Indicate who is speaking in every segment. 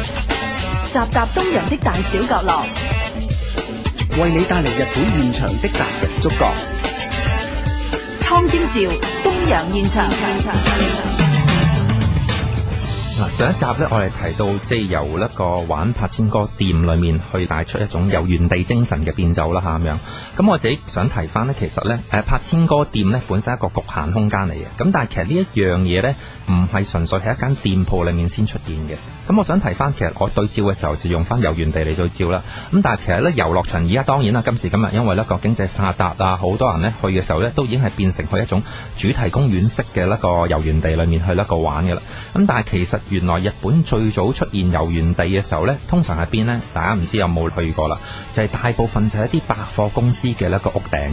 Speaker 1: 集集東洋的大小角落，為你帶嚟日本現場的達人觸覺。湯天照東洋現場。現場現場現場上一集咧，我哋提到即係由一個玩拍千哥店裏面去帶出一種遊園地精神嘅變奏啦嚇咁樣。咁、啊、我自己想提翻呢，其實呢，誒、啊、拍千哥店呢本身係一個局限空間嚟嘅。咁但係其實呢一樣嘢呢唔係純粹喺一間店鋪裏面先出現嘅。咁我想提翻，其實我對照嘅時候就用翻遊園地嚟對照啦。咁但係其實呢，遊樂場而家當然啦今時今日，因為咧個經濟發達啊，好多人呢去嘅時候呢，都已經係變成去一種主題公園式嘅一個遊園地裏面去一個玩嘅啦。咁但係其實原來日本最早出現遊園地嘅時候呢，通常係邊呢？大家唔知有冇去過啦，就係大部分就係一啲百貨公司嘅一個屋頂。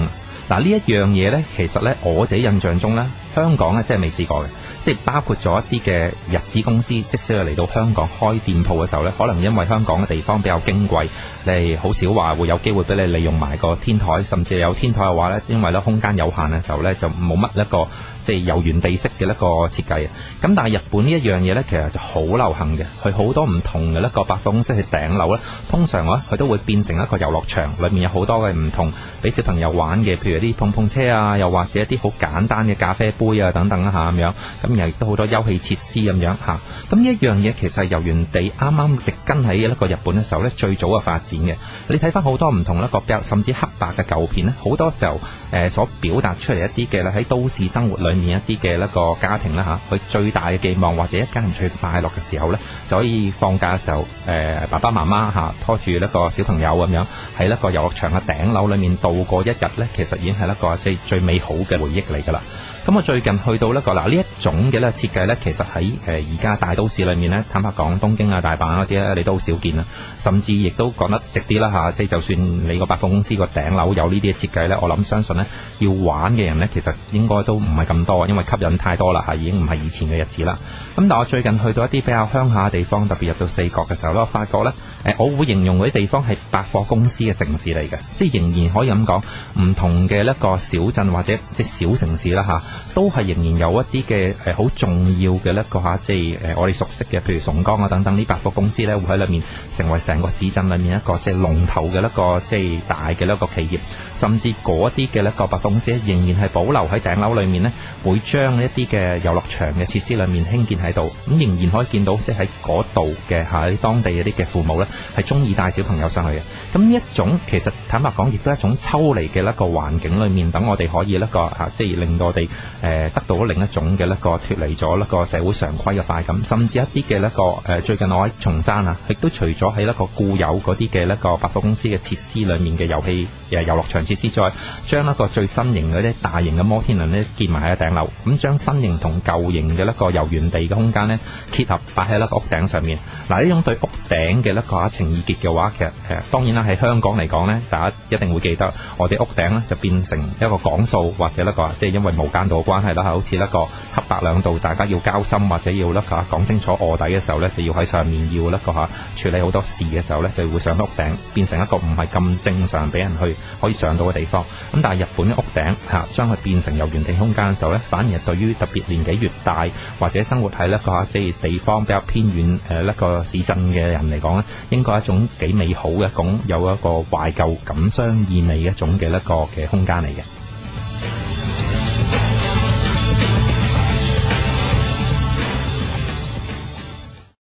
Speaker 1: 嗱，呢一樣嘢呢，其實呢，我自己印象中呢，香港呢，真係未試過嘅。即係包括咗一啲嘅日資公司，即使係嚟到香港開店鋪嘅時候咧，可能因為香港嘅地方比較矜貴，你好少話會有機會俾你利用埋個天台，甚至有天台嘅話咧，因為咧空間有限嘅時候咧，就冇乜一個即係遊園地式嘅一個設計。咁但係日本呢一樣嘢咧，其實就好流行嘅，佢好多唔同嘅一個百貨公司係頂樓咧，通常咧佢都會變成一個遊樂場，裏面有好多嘅唔同俾小朋友玩嘅，譬如啲碰碰車啊，又或者一啲好簡單嘅咖啡杯啊等等啊嚇咁樣。咁。亦都好多休憩設施咁樣吓，咁、啊、呢一樣嘢其實係遊園地啱啱植根喺一個日本嘅時候呢最早嘅發展嘅。你睇翻好多唔同一個，甚至黑白嘅舊片咧，好多時候誒、呃、所表達出嚟一啲嘅咧，喺都市生活裏面一啲嘅一個家庭啦吓，佢、啊、最大嘅寄望或者一家人最快樂嘅時候呢，就可以放假嘅時候誒、呃，爸爸媽媽吓拖住一個小朋友咁樣喺一個遊樂場嘅頂樓裏面度過一日呢，其實已經係一個即係最美好嘅回憶嚟噶啦。咁我最近去到呢個嗱呢一種嘅咧設計呢，其實喺誒而家大都市裏面呢，坦白講，東京啊、大阪嗰啲咧，你都好少見啦。甚至亦都講得直啲啦吓，即、啊、係就算你個百貨公司個頂樓有呢啲設計呢，我諗相信呢，要玩嘅人呢，其實應該都唔係咁多，因為吸引太多啦吓、啊，已經唔係以前嘅日子啦。咁但我最近去到一啲比較鄉下嘅地方，特別入到四國嘅時候咧，我發覺呢，誒、呃，我會形容嗰啲地方係百貨公司嘅城市嚟嘅，即係仍然可以咁講，唔同嘅一個小鎮或者即係小城市啦嚇。啊都係仍然有一啲嘅誒好重要嘅一個嚇，即係誒、呃、我哋熟悉嘅，譬如松江啊等等呢百貨公司咧，會喺裏面成為成個市鎮裏面一個即係龍頭嘅一個即係大嘅一個企業。甚至嗰啲嘅一個百貨公司仍然係保留喺頂樓裏面呢會將一啲嘅遊樂場嘅設施裏面興建喺度。咁、嗯、仍然可以見到，即係喺嗰度嘅喺當地一啲嘅父母呢，係中意帶小朋友上去嘅。咁呢一種其實坦白講，亦都係一種抽離嘅一個環境裏面，等我哋可以一個嚇，即係令我哋。誒得到另一種嘅一個脱離咗一個社會常規嘅快感，甚至一啲嘅一個誒最近我喺松山啊，亦都除咗喺一個固有嗰啲嘅一個百貨公司嘅設施裡面嘅遊戲誒遊樂場設施之外，再將一個最新型嗰啲大型嘅摩天輪咧建埋喺頂樓，咁將新型同舊型嘅一個遊園地嘅空間咧結合擺喺咧屋頂上面嗱。呢種對屋頂嘅一個話情意結嘅話，其實誒當然啦，喺香港嚟講咧，大家一定會記得我哋屋頂咧就變成一個講數或者一個即係因為無間。度關係啦嚇，好似一個黑白兩道，大家要交心或者要咧下講清楚卧底嘅時候呢，就要喺上面要咧個下處理好多事嘅時候呢，就會上屋頂變成一個唔係咁正常俾人去可以上到嘅地方。咁但係日本嘅屋頂嚇將佢變成遊園地空間嘅時候呢，反而對於特別年紀越大或者生活喺呢個即係地方比較偏遠誒一個市鎮嘅人嚟講呢，應該係一種幾美好嘅，咁有一個懷舊感傷意味嘅一種嘅一個嘅空間嚟嘅。